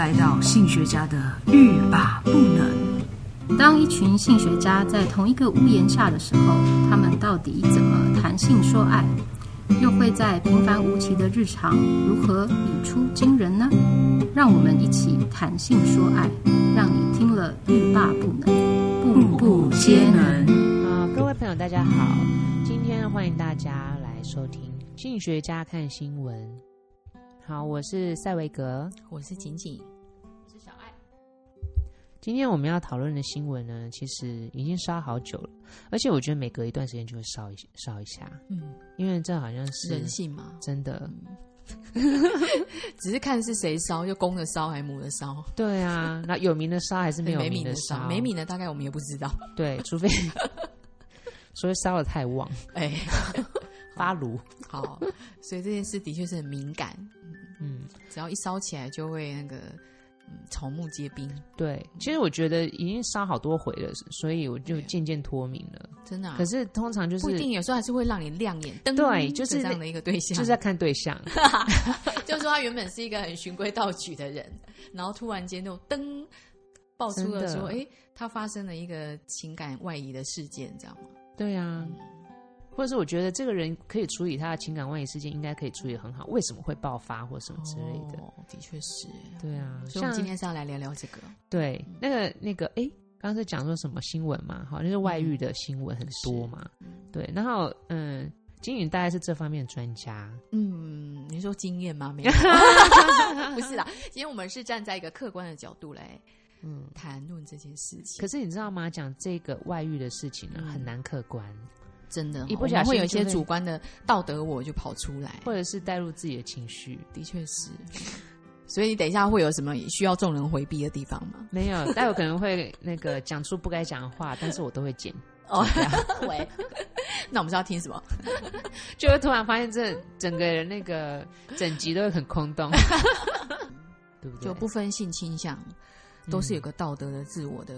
來到性學家的欲罷不能。當一群性學家在同一個屋檐下的時候，他們到底怎麼談性說愛？又會在平凡無奇的日常如何語出驚人呢？讓我們一起談性說愛，讓你聽了欲罷不能，步步皆能。呃，各位朋友，大家好，今天歡迎大家來收聽《性學家看新聞》。好，我是塞維格，我是錦錦，我是小艾。今天我們要討論的新聞呢，其實已經燒好久了，而且我覺得每隔一段時間就會燒一燒一下。嗯，因為這好像是人性嘛，真的，嗯、 只是看是誰燒，就公的燒還是母的燒？對啊，那有名的燒還是沒有名的燒？沒名的大概我們也不知道。對，除非，除非燒的太旺，哎、欸， 發爐。好，好 所以這件事的確是很敏感。只要一燒起來，就會那個、嗯、草木皆兵。對，其實我覺得已經燒好多回了，所以我就漸漸脫敏了。真的、啊？可是通常就是不一定，有時候還是會讓你亮眼燈。燈對，就是這樣的一個對象，就是在看對象。 就是說他原本是一個很循規蹈矩的人，然後突然間就燈爆出了，說：“哎、欸，他發生了一個情感外移的事件，你知道嗎？對呀、啊。嗯。或者是我覺得這個人可以處理他的情感外遇事件，應該可以處理得很好。為什麼會爆發或什麼之類的？哦、的確是，對啊。所以今天是要來聊聊這個，對那個、嗯、那個，哎、那個，剛才講說什麼新聞嘛？好，就是外遇的新聞很多嘛、嗯。對，然後嗯，金允大概是這方面的專家。嗯，你說經驗嗎？沒有， 不是啦。今天我們是站在一個客觀的角度來嗯談論這件事情、嗯。可是你知道嗎？講這個外遇的事情呢、啊，很難客觀。嗯真的，一不小心會，會有一些主觀的道德，我就跑出來，或者是帶入自己的情緒，的確是。 所以，你等一下會有什麼也需要眾人回避的地方嗎？沒有，待會可能會那個講出不該講的話， 但是我都會剪。哦，oh, 那我們是要聽什麼？ 就會突然發現這整個人那個整集都會很空洞，對不對？就不分性傾向、嗯，都是有個道德的自我的。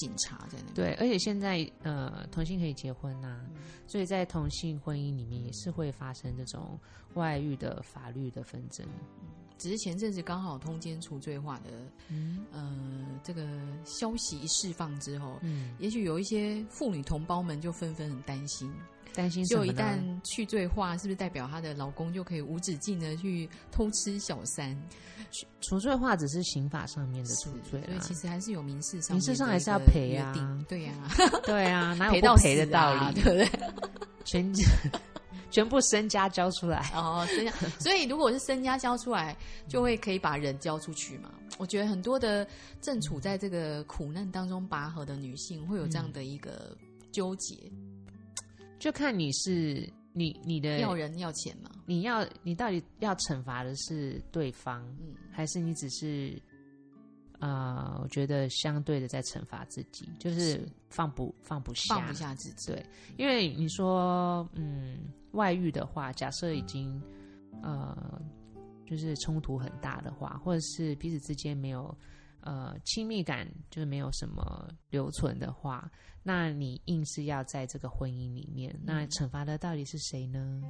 警察在那邊。對，而且現在呃，同性可以結婚吶、啊嗯，所以在同性婚姻裡面也是會發生這種外遇的法律的紛爭。只是前陣子剛好通姦除罪化的、嗯，呃，這個消息一釋放之後，嗯，也許有一些婦女同胞們就紛紛很擔心。擔心，就一旦去罪化，是不是代表她的老公就可以無止境的去偷吃小三？除罪化只是刑法上面的除罪，啊，所以其實還是有民事上。民事上還是要賠啊，對呀，啊， 對啊，哪有不賠的道理到，啊？對不對？全全部身家交出來哦，身家，所以所以如果是身家交出來， 就會可以把人交出去嘛。我覺得很多的正處在這個苦難當中拔河的女性，會有這樣的一個糾結。嗯就看你是你你的要人要錢嗎？你要你到底要懲罰的是對方，嗯，還是你只是，呃，我覺得相對的在懲罰自己，嗯，就是放不是放不下，放不下自己。對，嗯，因為你說嗯，外遇的話，假設已經，嗯，呃，就是衝突很大的話，或者是彼此之間沒有。呃，親密感就沒有什麼留存的話，那你硬是要在這個婚姻裡面，那懲罰的到底是誰呢？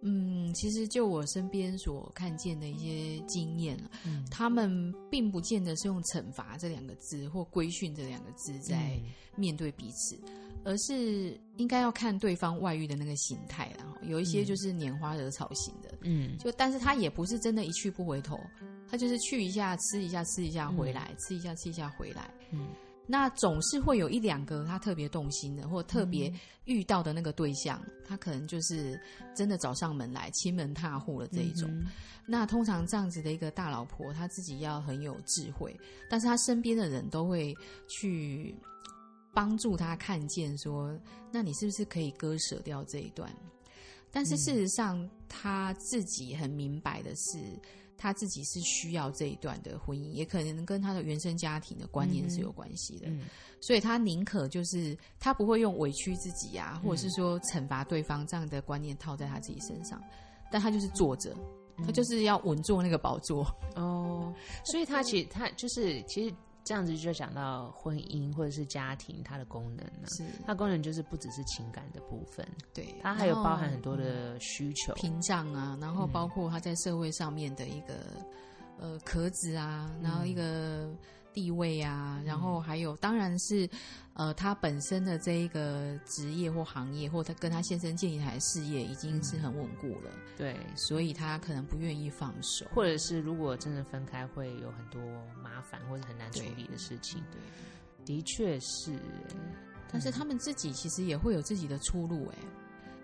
嗯，其實就我身邊所看見的一些經驗啊，嗯，他們並不見得是用懲罰這兩個字或規訓這兩個字在面對彼此。嗯。而是應該要看對方外遇的那個形態，然後有一些就是拈花惹草型的，嗯，嗯，就但是他也不是真的，一去不回頭，他就是去一下，吃一下，吃一下回來，嗯，吃一下，吃一下回來，嗯，那總是會有一兩個他特別動心的，或特別遇到的那個對象，嗯，他可能就是真的找上門來，親門踏戶了這一種，嗯嗯。那通常這樣子的一個大老婆，她自己要很有智慧，但是她身邊的人都會去。幫助他看見說，那你是不是可以割舍掉這一段？但是事實上、嗯，他自己很明白的是，他自己是需要這一段的婚姻，也可能跟他的原生家庭的觀念是有關係的。嗯嗯、所以，他寧可就是他不會用委屈自己啊、嗯，或者是說懲罰對方這樣的觀念套在他自己身上，但他就是坐着，他就是要穩坐那個寶座、嗯、 哦。所以他其實他就是其實。這樣子就講到婚姻或者是家庭它的功能呢、啊，是它的功能就是不只是情感的部分，對它還有包含很多的需求、嗯、屏障啊，然後包括它在社會上面的一個、嗯、呃殼子啊，然後一個。嗯地位啊，然後還有，當然是，呃，他本身的這一個職業或行業，或他跟他先生建立起的事業，已經是很穩固了、嗯。對，所以他可能不願意放手，或者是如果真的分開，會有很多麻煩或者很難處理的事情。對，對的確是、嗯。但是他們自己其實也會有自己的出路、欸，哎，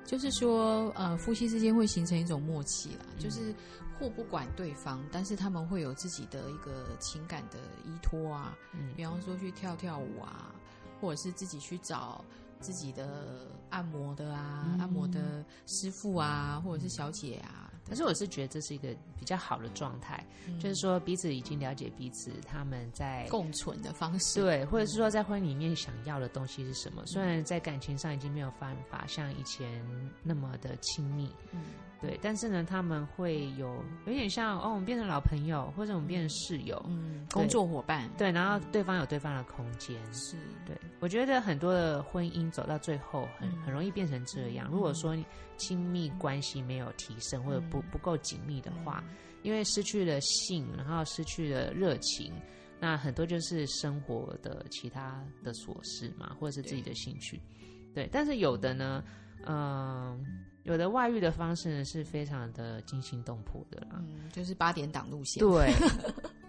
就是說，呃，夫妻之間會形成一種默契啦，嗯、就是。或不管對方，但是他們會有自己的一個情感的依托啊、嗯，比方說去跳跳舞啊，或者是自己去找自己的按摩的啊，嗯、按摩的師傅啊、嗯，或者是小姐啊、嗯對對對。但是我是覺得這是一個比較好的狀態、嗯，就是說彼此已經了解彼此，他們在共存的方式，對，或者是說在婚姻裡面想要的東西是什麼、嗯。雖然在感情上已經沒有辦法像以前那麼的親密。嗯對，但是呢，他們會有有點像哦，我們變成老朋友，或者我們變成室友、嗯嗯、工作夥伴。對，然後對方有對方的空間、嗯。是，對，我覺得很多的婚姻走到最後很，很、嗯、很容易變成這樣。如果說親密關係沒有提升、嗯、或者不不夠緊密的話、嗯，因為失去了性，然後失去了熱情，那很多就是生活的其他的瑣事嘛，或者是自己的興趣。對，對但是有的呢，嗯、呃。有的外遇的方式呢，是非常的驚心動魄的啦，嗯、就是八點檔路線。對，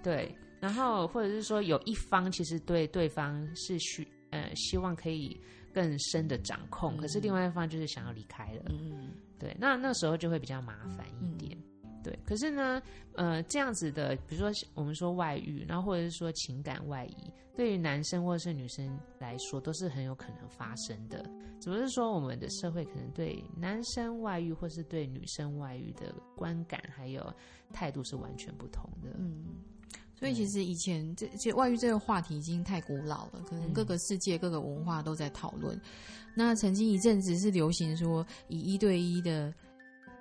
對，然後或者是說，有一方其實對對方是需呃希望可以更深的掌控，嗯，可是另外一方就是想要離開了。嗯，對，那那時候就會比較麻煩。嗯對，可是呢，呃，這樣子的，比如說我們說外遇，然後或者是說情感外移，對於男生或者是女生來說，都是很有可能發生的。只不過是說，我們的社會可能對男生外遇或是對女生外遇的觀感還有態度是完全不同的。嗯，所以其實以前這這外遇這個話題已經太古老了，可能各個世界各個文化都在討論，嗯。那曾經一陣子是流行說以一對一的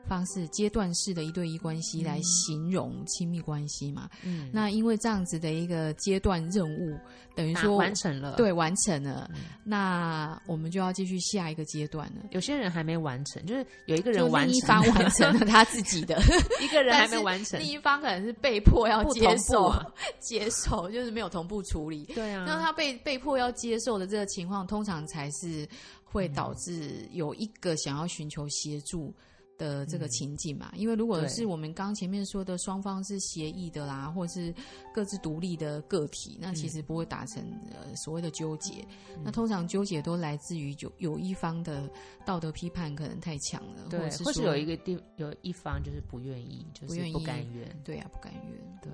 方式階段式的一對一關係來形容親密關係嘛？嗯，那因為這樣子的一個階段任務，等於說完成了，對，完成了，嗯、那我們就要繼續下一個階段了。有些人還沒完成，就是有一個人完成、就是、一方完成了他自己的， 一個人還沒完成，另一方可能是被迫要接受、啊、接受，就是沒有同步處理。對啊，那他被被迫要接受的這個情況，通常才是會導致有一個想要尋求協助，的這個情境嘛、嗯，因為如果是我們剛前面說的雙方是協議的啦，或者是各自獨立的個體、嗯，那其實不會達成呃所謂的糾結、嗯。那通常糾結都來自於有有一方的道德批判可能太強了，對，或是，或是有一個地有一方就是不願意，就是不願意，對啊，不甘願、啊。對，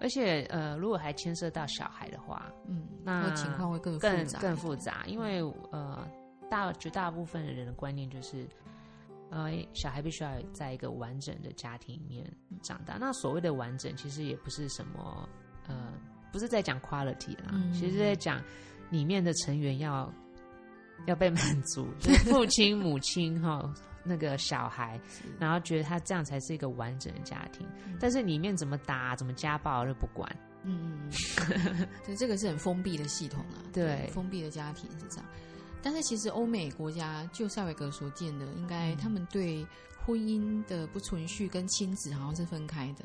而且呃，如果還牽涉到小孩的話，嗯，那，那情況會更複雜更，更複雜，因為呃，大絕大部分的人的觀念就是。呃、嗯，小孩必須要在一個完整的家庭裡面長大。那所謂的完整，其實也不是什麼呃，不是在講 quality 啦、嗯，其實在講裡面的成員要要被滿足，就是、父親、母親哈，那個小孩，然後覺得他這樣才是一個完整的家庭。嗯、但是裡面怎麼打、怎麼家暴都不管。嗯，嗯，嗯，所 以這個是很封閉的系統啊，對，對封閉的家庭是這樣。但是其實歐美國家，就塞維格所見的，應該他們對婚姻的不存續跟親子好像是分開的，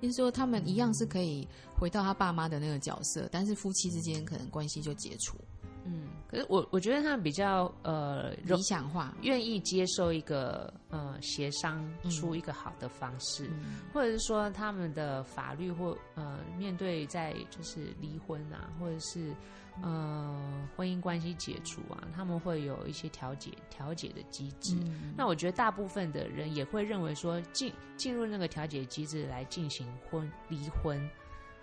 也就是說，他們一樣是可以回到他爸媽的那個角色，但是夫妻之間可能關係就解除。嗯，可是我我覺得他們比較呃理想化，願意接受一個呃協商出一個好的方式，嗯嗯，或者是說他們的法律或呃面對在就是離婚啊，或者是。嗯、呃，婚姻關係解除啊，他們會有一些調解調解的機制、嗯。那我覺得大部分的人也會認為說，進進入那個調解機制來進行婚離婚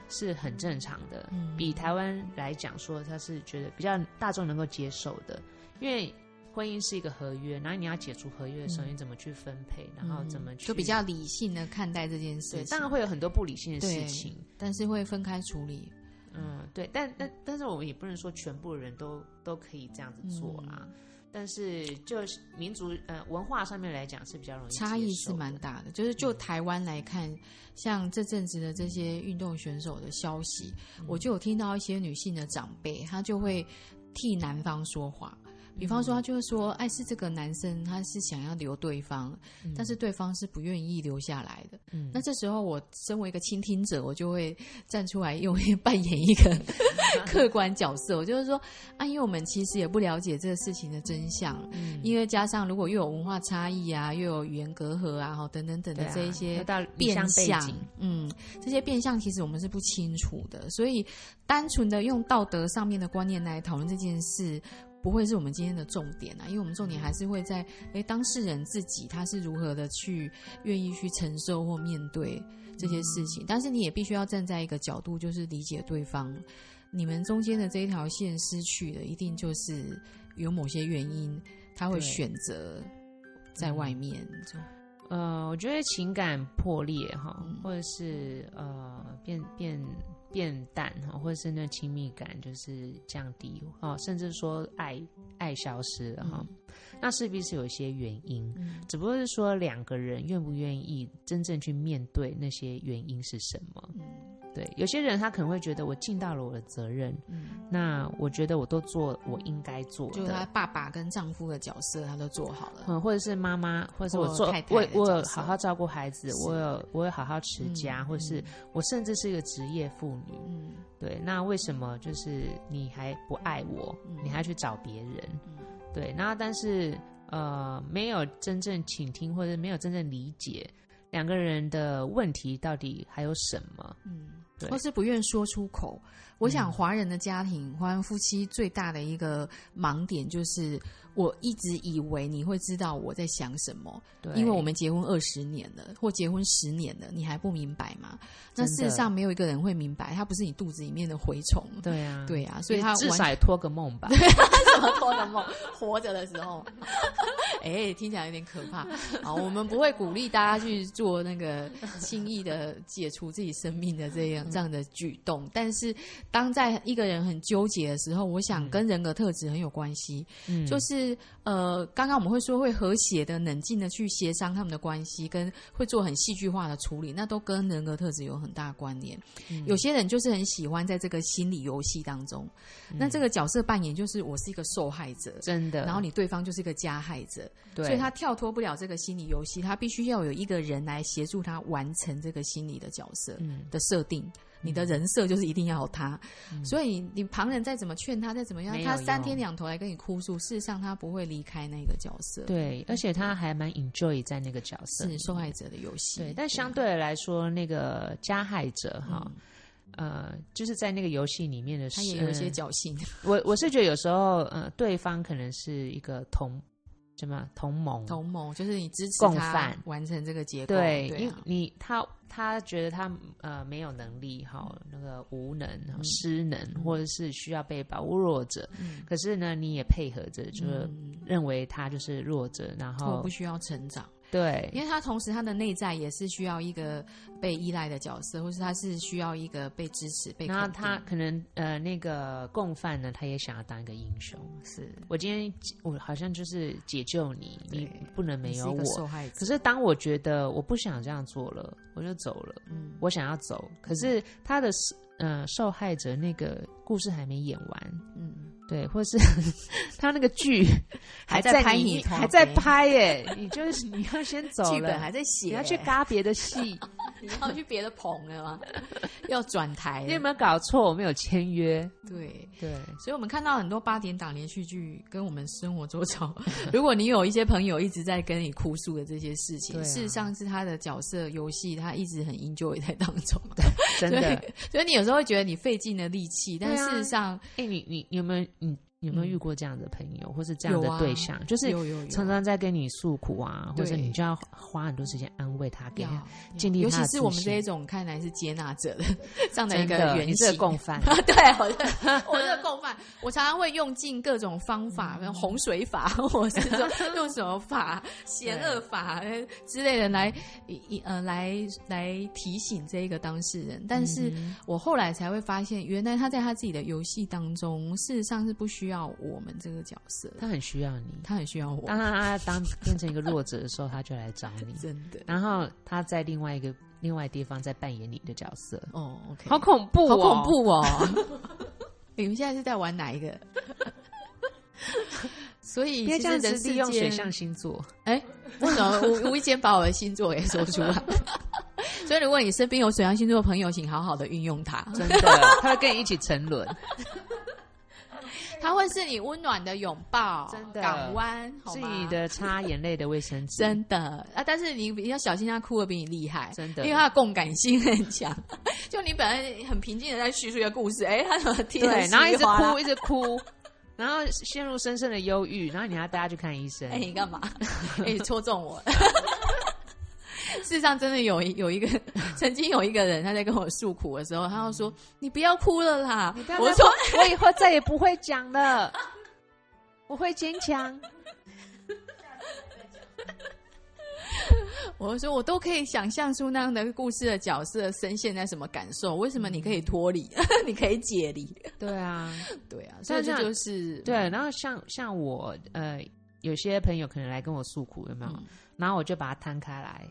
是很正常的。嗯、比台灣來講，說他是覺得比較大眾能夠接受的，因為婚姻是一個合約，然後你要解除合約的時候，你、嗯、怎麼去分配，然後怎麼去，就比較理性的看待這件事情，對。當然會有很多不理性的事情，但是會分開處理。嗯，對，但但但是我們也不能說全部的人都都可以這樣子做啊，嗯、但是就民族呃文化上面來講是比較容易差異是蠻大的。就是就台灣來看、嗯，像這陣子的這些運動選手的消息，我就有聽到一些女性的長輩，她就會替男方說話。嗯比方說，他就是說，哎，是這個男生，他是想要留對方，嗯、但是對方是不願意留下來的。嗯、那這時候，我身為一個傾聽者，我就會站出來，又扮演一個、嗯、 客觀角色，我就是說，啊，因為我們其實也不了解這個事情的真相、嗯，因為加上如果又有文化差異啊，又有語言隔閡啊，然後，等等等的、啊、這一些變相，嗯，這些變相其實我們是不清楚的，所以單純的用道德上面的觀念來討論這件事。不會是我們今天的重點啊，因為我們重點還是會在哎當事人自己，他是如何的去願意去承受或面對這些事情，嗯，但是你也必須要站在一個角度，就是理解對方，你們中間的這一條線失去的一定就是有某些原因，他會選擇在外面。嗯，這呃，我覺得情感破裂哈，嗯，或者是呃變變。變變淡哈，或者是那親密感就是降低哈，甚至說愛愛消失了哈、嗯，那勢必是有一些原因，嗯、只不過是說兩個人願不願意真正去面對那些原因是什麼。對，有些人他可能會覺得我盡到了我的責任，嗯、那我覺得我都做我應該做就他爸爸跟丈夫的角色他都做好了，嗯，或者是媽媽，或者是我做太太我我有好好照顧孩子，我有我有好好持家，嗯，或是我甚至是一個職業婦女，嗯，對，那為什麼就是你還不愛我，嗯，你還去找別人，嗯？對，那但是呃，沒有真正傾聽或者沒有真正理解。兩個人的問題到底還有什麼？嗯，對，或是不願說出口。我想，華人的家庭，華人夫妻最大的一個盲點就是。我一直以為你會知道我在想什麼，對因為我們結婚二十年了，或結婚十年了，你還不明白嗎？那事實上沒有一個人會明白，他不是你肚子裡面的蛔蟲，對呀、啊，對呀、啊，所以他至少托個夢吧對，什麼托個夢？ 活着的時候，哎、欸，聽起來有點可怕。好，我們不會鼓勵大家去做那個輕易的解除自己生命的這樣、嗯、這樣的舉動，但是當在一個人很糾結的時候，我想跟人格特質很有關係、嗯，就是。呃，剛剛我們會說會和諧的、冷靜的去協商他們的關係，跟會做很戲劇化的處理，那都跟人格特質有很大關聯。嗯、有些人就是很喜歡在這個心理遊戲當中、嗯，那這個角色扮演就是我是一個受害者，真的。然後你對方就是一個加害者對，所以他跳脫不了這個心理遊戲，他必須要有一個人來協助他完成這個心理的角色的設定。嗯你的人設就是一定要他，嗯、所以你旁人再怎麼勸他，再怎麼樣，他三天兩頭來跟你哭訴。事實上，他不會離開那個角色對。對，而且他還蠻 enjoy 在那個角色，是受害者的遊戲對。對，但相對來說，那個加害者哈，呃，就是在那個遊戲裡面的時候，他也有一些僥倖。嗯、我我是覺得有時候，呃，對方可能是一個同。什麼同盟，同盟？同盟就是你支持共犯完成這個結果，對，對、啊，因為你他他覺得他呃沒有能力哈，那個無能、嗯、失能，或者是需要被保護弱者、嗯。可是呢，你也配合着，就是認為他就是弱者，嗯、然後不需要成長。對，因為他同時他的內在也是需要一個被依賴的角色，或是他是需要一個被支持、被。然後他可能呃那個共犯呢，他也想要當一個英雄。是我今天我好像就是解救你，你不能沒有我。一個受害者。可是當我覺得我不想這樣做了，我就走了。嗯，我想要走，可是他的、嗯、呃受害者那個故事還沒演完。嗯。對，或者是呵呵他那個劇還,還在拍你，你還在拍耶、欸？ 你就是你要先走了，劇本還在寫、欸，你要去軋別的戲。 你要去別的棚了嗎？ 要轉台？你有沒有搞錯？我沒有簽約。對對，所以我們看到很多八點檔連續劇跟我們生活多少？ 如果你有一些朋友一直在跟你哭訴的這些事情、啊，事實上是他的角色遊戲，他一直很 enjoy 在當中對真的所，所以你有時候會覺得你費盡了力氣，但事實上，哎、啊欸，你你,你有沒有嗯你有沒有遇過這樣的朋友，嗯、或是這樣的對象，啊、就是常常在跟你訴苦啊，有有有啊，或者你就要花很多時間安慰他，給他，尤其是我們這一種看來是接納者的這樣的一個原色共犯。 對，我的 我是共犯。我常常會用盡各種方法，用、嗯、洪水法，或者是用什麼法、嫌惡法之類的來一呃來來提醒這一個當事人。但是我後來才會發現，原來他在他自己的遊戲當中，事實上是不需。需要我們這個角色，他很需要你，他很需要我。當他當變成一個弱者的時候， 他就來找你， 真的。然後他在另外一個另外個地方在扮演你的角色。哦，好恐怖，好恐怖哦！怖哦 你們現在是在玩哪一個？ 所以這樣子利用水象星座，哎、欸，我怎麼我無意間 把我的星座給說出來 所以如果你身邊有水象星座的朋友，請好好的運用它，真的， 他會跟你一起沉淪。他會是你溫暖的擁抱，港灣，是你的擦眼淚的衛生紙， 真的啊！但是你你要小心，他哭的比你厲害，真的，因為他的共感性很強。就你本來很平靜的在敘述一個故事，哎、欸，他怎麼聽着、啊、然後一直哭一直哭， 然後陷入深深的憂鬱，然後你要帶他去看醫生。哎、欸，你幹嘛？哎、 欸，戳中我。 事實上，真的有有一個曾經有一個人，他在跟我訴苦的時候，他要說、嗯：“你不要哭了啦。”我說：“我以後再也不會講了， 我會堅強。 ”我說：“我都可以想象出那樣的故事的角色，身陷在什麼感受？為什麼你可以脫離？嗯、 你可以解離？”對啊，對啊，對啊，所以這就，就是對。然後像像我呃，有些朋友可能來跟我訴苦，有沒有、嗯？然後我就把它攤開來。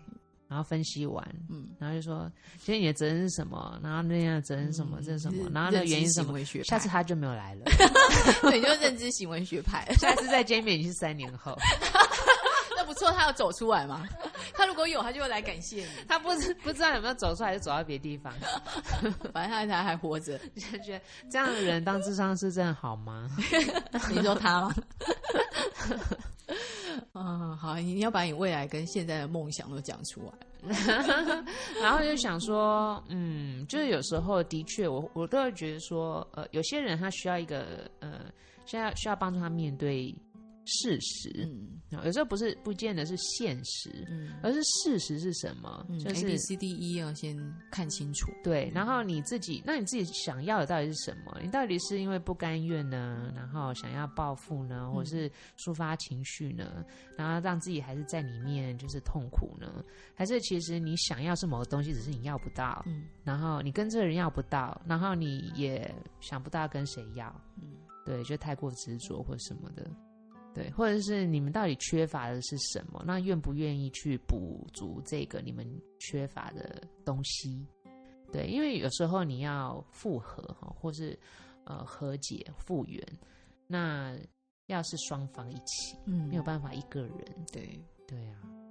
然後分析完，嗯，然後就說，今天你的責任是什麼？然後那樣的責任是什麼、嗯、這是什麼？然後那個原因是什麼認知行為學派？下次他就沒有來了， 對你就認知行為學派。下次再見面已是三年後， 那不錯，他要走出來嗎？他如果有，他就會來感謝你。 他不不知道有沒有走出來，就走到別地方。反 正他還,還活着，就覺得這樣的人當智商是這樣好嗎？ 你說他嗎？ 嗯、哦，好，你要把你未來跟現在的夢想都講出來， 然後就想說，嗯，就是有時候的確我，我我都會覺得說，呃，有些人他需要一個，呃，現在需要幫助他面對。事實、嗯，有時候不是不見得是現實，嗯、而是事實是什麼？嗯、就是 A B C D E 要先看清楚。對、嗯，然後你自己，那你自己想要的到底是什麼？你到底是因為不甘願呢？然後想要報復呢？或是抒發情緒呢？嗯、然後讓自己還是在裡面就是痛苦呢？還是其實你想要是某個東西，只是你要不到。嗯，然後你跟這個人要不到，然後你也想不到跟誰要。嗯、對，就太過執着或什麼的。對，或者是你們到底缺乏的是什麼？那願不願意去補足這個你們缺乏的東西？對，因為有時候你要復合哈，或是，呃，和解、復原，那要是雙方一起，嗯，沒有辦法一個人，對，對啊。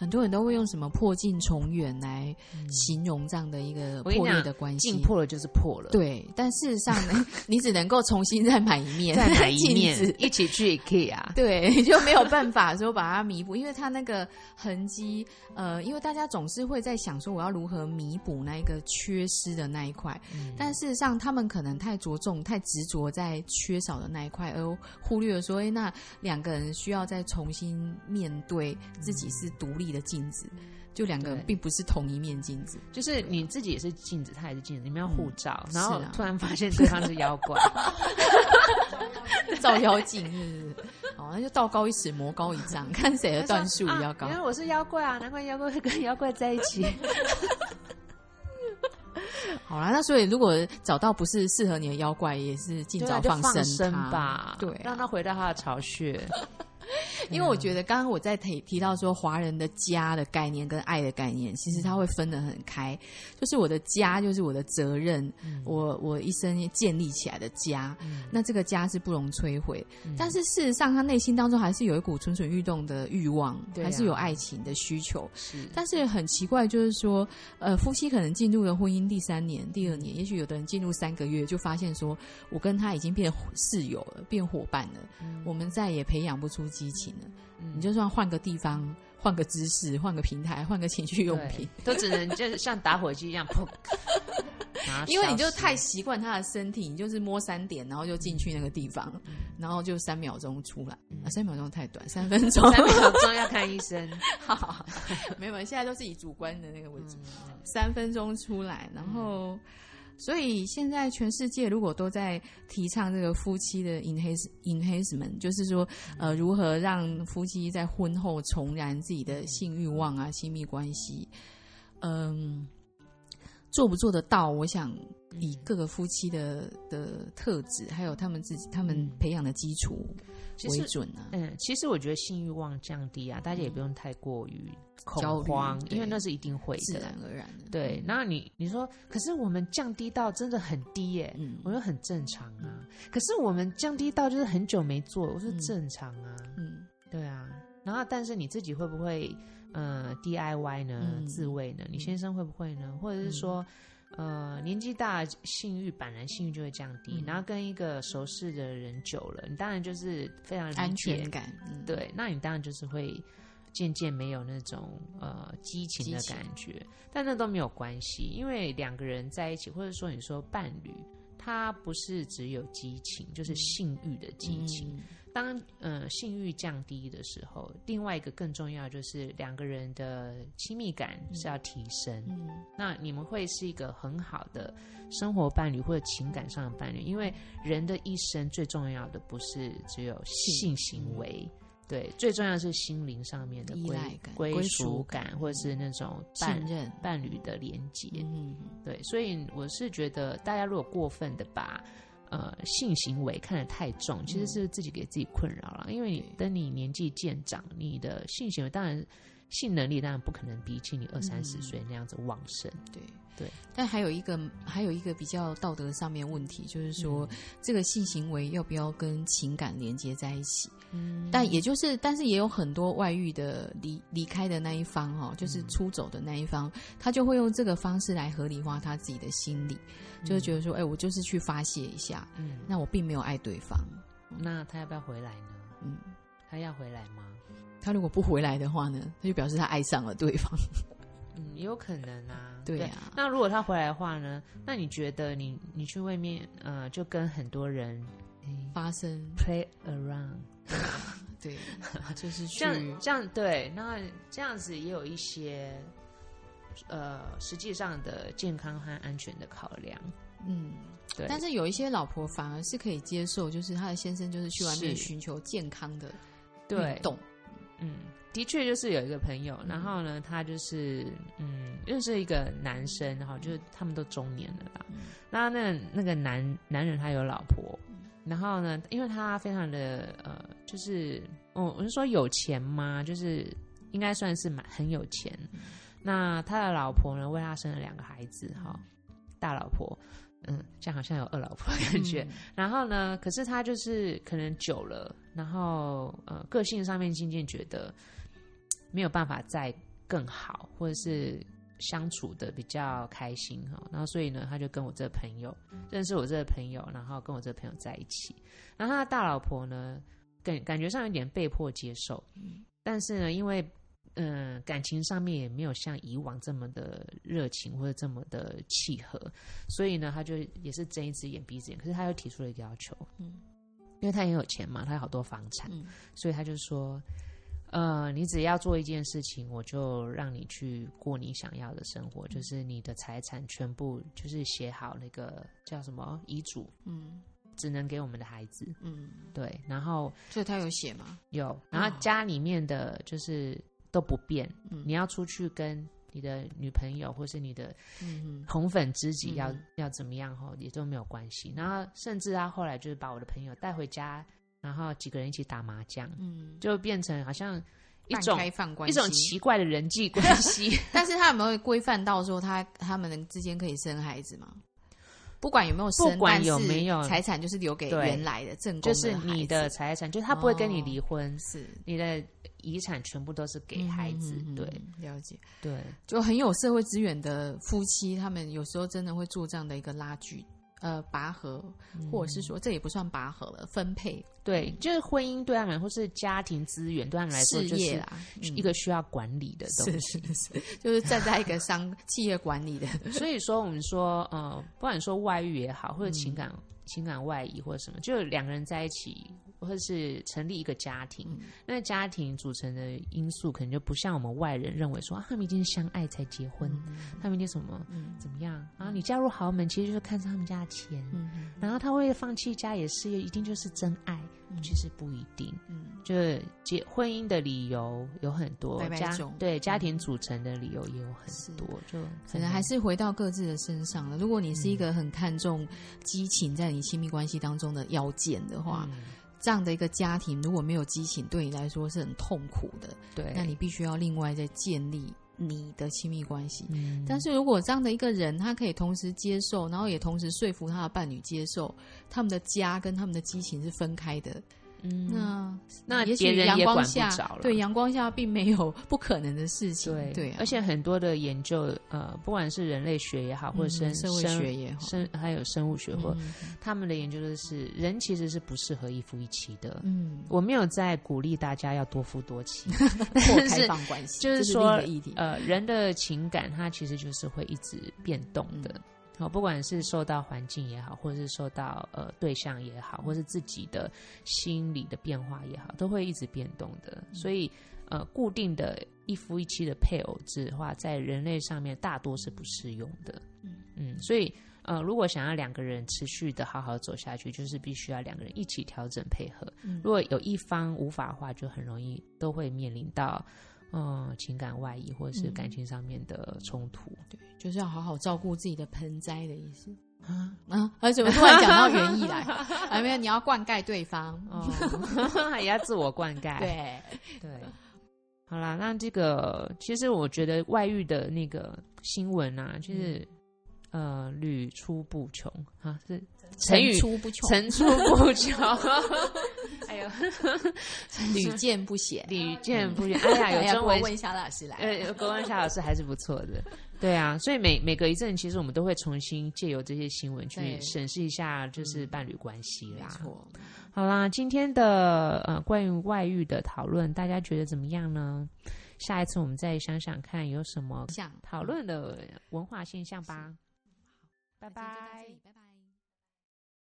很多人都會用什麼“破鏡重圓”來形容這樣的一個破裂的關係。破了就是破了，對。但事實上呢，你只能夠重新再買一面，再買一面，一起去也可以啊。對，就沒有辦法說把它彌補，因為它那個痕迹，呃，因為大家總是會在想說我要如何彌補那一個缺失的那一塊。但事實上，他們可能太着重、太執着在缺少的那一塊，而忽略了說，哎，那兩個人需要再重新面對自己是獨立。的鏡子，就兩個，並不是同一面鏡子。就是你自己也是鏡子，他也是鏡子，你們要互照，嗯。然後突然發現對方是妖怪， 照妖鏡是不是？哦，那就道高一尺，魔高一丈，看誰的段數比較高。因為、啊、我是妖怪啊，難怪妖怪會跟妖怪在一起。 好了，那所以如果找到不是適合你的妖怪，也是盡早放生，放生吧，對，讓他回到他的巢穴。因為我覺得，剛剛我在提提到說，華人的家的概念跟愛的概念，其實他會分得很開。就是我的家，就是我的責任，我我一生建立起來的家，那這個家是不容摧毀。但是事實上，他內心當中還是有一股蠢蠢欲動的欲望，還是有愛情的需求。但是很奇怪，就是說，呃，夫妻可能進入了婚姻第三年、第二年，也許有的人進入三個月就發現說，我跟他已經變室友了，變夥伴了，我們再也培養不出激情。嗯、你就算換個地方、換個姿勢、換個平台、換個情趣用品，都只能就像打火機一樣 pook，因為你就太習慣他的身體，你就是摸三點，然後就進去那個地方，嗯、然後就三秒鐘出來。嗯啊、三秒鐘太短，三分鐘，三秒鐘要看醫生。 好、好、好，沒有，現在都是以主觀的那個為主、嗯。三分鐘出來，然後。嗯所以現在全世界如果都在提倡這個夫妻的 enhance enhancement，就是說，呃，如何讓夫妻在婚後重燃自己的性慾望啊、親密關係，嗯，做不做得到？我想以各個夫妻的的特質，還有他們自己、他們培養的基礎。為準呢、啊？嗯，其實我覺得性慾望降低啊，大家也不用太過於恐慌，因為那是一定會的，自然而然的。對，那你你說，可是我們降低到真的很低耶、欸，嗯，我說很正常啊、嗯。可是我們降低到就是很久沒做，我說正常啊，嗯，嗯，對啊。然後，但是你自己會不會嗯、呃、DIY 呢，嗯？自慰呢？你先生會不會呢？嗯、或者是說？嗯呃，年紀大，性欲本來性欲就會降低，嗯，然後跟一個熟識的人久了，你當然就是非常了解安全感，對，那你當然就是會漸漸沒有那種呃激情的感覺，但那都沒有關係，因為兩個人在一起，或者說你說伴侶。它不是只有激情，就是性慾的激情。嗯，當呃性慾降低的時候，另外一個更重要就是兩個人的親密感是要提升。嗯，那你們會是一個很好的生活伴侶或者情感上的伴侶，因為人的一生最重要的不是只有性行為。對，最重要的是心靈上面的歸依賴感、歸屬感，感，或者是那種伴信任伴侶的連接。嗯，對，所以我是覺得，大家如果過分的把呃性行為看得太重，其實是自己給自己困擾了，嗯。因為你等你年紀漸長，你的性行為當然。性能力當然不可能比起你二三十歲那樣子旺盛，嗯，對對。但還有一個，還有一個比較道德上面問題，就是說、嗯、這個性行為要不要跟情感連接在一起？嗯。但也就是，但是也有很多外遇的離離開的那一方哈、哦，就是出走的那一方、嗯，他就會用這個方式來合理化他自己的心理，嗯、就是覺得說，哎、欸，我就是去發洩一下，嗯，那我並沒有愛對方。那他要不要回來呢？嗯，他要回來嗎？他如果不回來的話呢？他就表示他愛上了對方。嗯，也有可能啊。對呀、啊。那如果他回來的話呢？那你覺得你你去外面呃，就跟很多人、欸、發生 play around？對、啊， 對 就是這樣，這樣對，那這樣子也有一些呃，實際上的健康和安全的考量。嗯，對。但是有一些老婆反而是可以接受，就是他的先生就是去外面尋求健康的運動，對，懂。嗯，的確就是有一個朋友，然後呢，他就是嗯認識一個男生，然後就是他們都中年了吧？那那個，那個男男人，他有老婆，然後呢，因為他非常的呃，就是我，哦、我是說有錢嗎？就是應該算是蠻很有錢。那他的老婆呢，為他生了兩個孩子，哈，大老婆。嗯，這樣好像有二老婆的感覺，嗯。然後呢，可是他就是可能久了，然後呃，個性上面漸漸覺得沒有辦法再更好，或者是相處的比較開心哈。然後所以呢，他就跟我這個朋友，認識我這個朋友，然後跟我這個朋友在一起。然後他的大老婆呢，感感覺上有點被迫接受，但是呢，因為。嗯，感情上面也沒有像以往這麼的熱情或者這麼的契合，所以呢，他就也是睜一隻眼閉一隻眼。可是他又提出了一個要求，嗯，因為他很有錢嘛，他有好多房產，嗯，所以他就說，呃，你只要做一件事情，我就讓你去過你想要的生活，嗯、就是你的財產全部就是寫好那個叫什麼遺囑，嗯，只能給我們的孩子，嗯，對，然後，所以他有寫嗎？有，然後家裡面的就是。嗯，就是都不變、嗯，你要出去跟你的女朋友或是你的紅粉知己要、嗯、要怎麼樣哈，也都沒有關係。嗯、然後甚至他、啊、後來就是把我的朋友帶回家，然後幾個人一起打麻將，嗯，就變成好像一種開放關係。一種奇怪的人際關係。 但是他有沒有規範到說他他們之間可以生孩子嗎？ 不管有沒有生，不管有沒有財產，就是留給原來的正的，就是你的財產，就是他不會跟你離婚，哦、是你的。遺產全部都是給孩子、嗯哼哼，對，了解，對，就很有社會資源的夫妻，他們有時候真的會做這樣的一個拉鋸，呃，拔河，嗯、或者是說這也不算拔河了，分配，對，嗯、就是婚姻對他們，或是家庭資源對他們來說，就是事業啦、嗯、一個需要管理的東西，是，是，是，是，就是站在一個商 企業管理的，所以說我們說，呃，不管說外遇也好，或者情感、嗯、情感外移或者什麼，就兩個人在一起。或者是成立一個家庭、嗯，那家庭組成的因素可能就不像我們外人認為說、啊、他們一定相愛才結婚，嗯、他們一定什麼、嗯、怎麼樣啊？你嫁入豪門、嗯、其實就是看上他們家的錢，嗯、然後他會放棄家業事業，一定就是真愛？嗯、其實不一定，嗯、就是結婚姻的理由有很多，買買家對家庭組成的理由也有很多，就可能還是回到各自的身上了。如果你是一個很看重激情在你親密關係當中的要件的話。嗯這樣的一個家庭，如果沒有激情，對你來說是很痛苦的。對，那你必須要另外再建立你的親密關係。嗯，但是如果這樣的一個人，他可以同時接受，然後也同時說服他的伴侶接受，他們的家跟他們的激情是分開的。嗯。嗯，那那別人也管不著了，陽光下，對，陽光下並沒有不可能的事情，對，對、啊，而且很多的研究，呃，不管是人類學也好，或者是生、嗯、社會學也好，生，生還有生物學或，或、嗯、他們的研究的、就是，人其實是不適合一夫一妻的。嗯，我沒有在鼓勵大家要多夫多妻，破、嗯、開放關係， 就是說，呃，人的情感它其實就是會一直變動的。嗯不管是受到環境也好，或是受到呃對象也好，或是自己的心理的變化也好，都會一直變動的。嗯。所以，呃，固定的一夫一妻的配偶制的話，在人類上面大多是不適用的。嗯，嗯，所以，呃，如果想要兩個人持續的好好走下去，就是必須要兩個人一起調整配合。嗯。如果有一方無法的話，就很容易都會面臨到。嗯，情感外溢或者是感情上面的衝突、嗯，對，就是要好好照顧自己的盆栽的意思。啊、嗯、啊！為什麼突然講到園藝來？還、 啊、沒有，你要灌溉對方，哦、 也要自我灌溉。對對，好啦，那這個其實我覺得外遇的那個新聞啊，就是、嗯、呃，屢出不窮啊，是成語，成出不窮。成出不 哎呦 屢見不，屢見不鮮，屢見不鮮。哎呀，有中文，哎、文霞老師來。呃、哎，郭文霞老師還是不錯的， 對啊。所以每每隔一陣，其實我們都會重新借由這些新聞去審視一下，就是伴侶關係啦、嗯。沒錯。好啦，今天的呃關於外遇的討論，大家覺得怎麼樣呢？下一次我們再想想看有什麼想討論的文化現象吧。象嗯、好拜拜。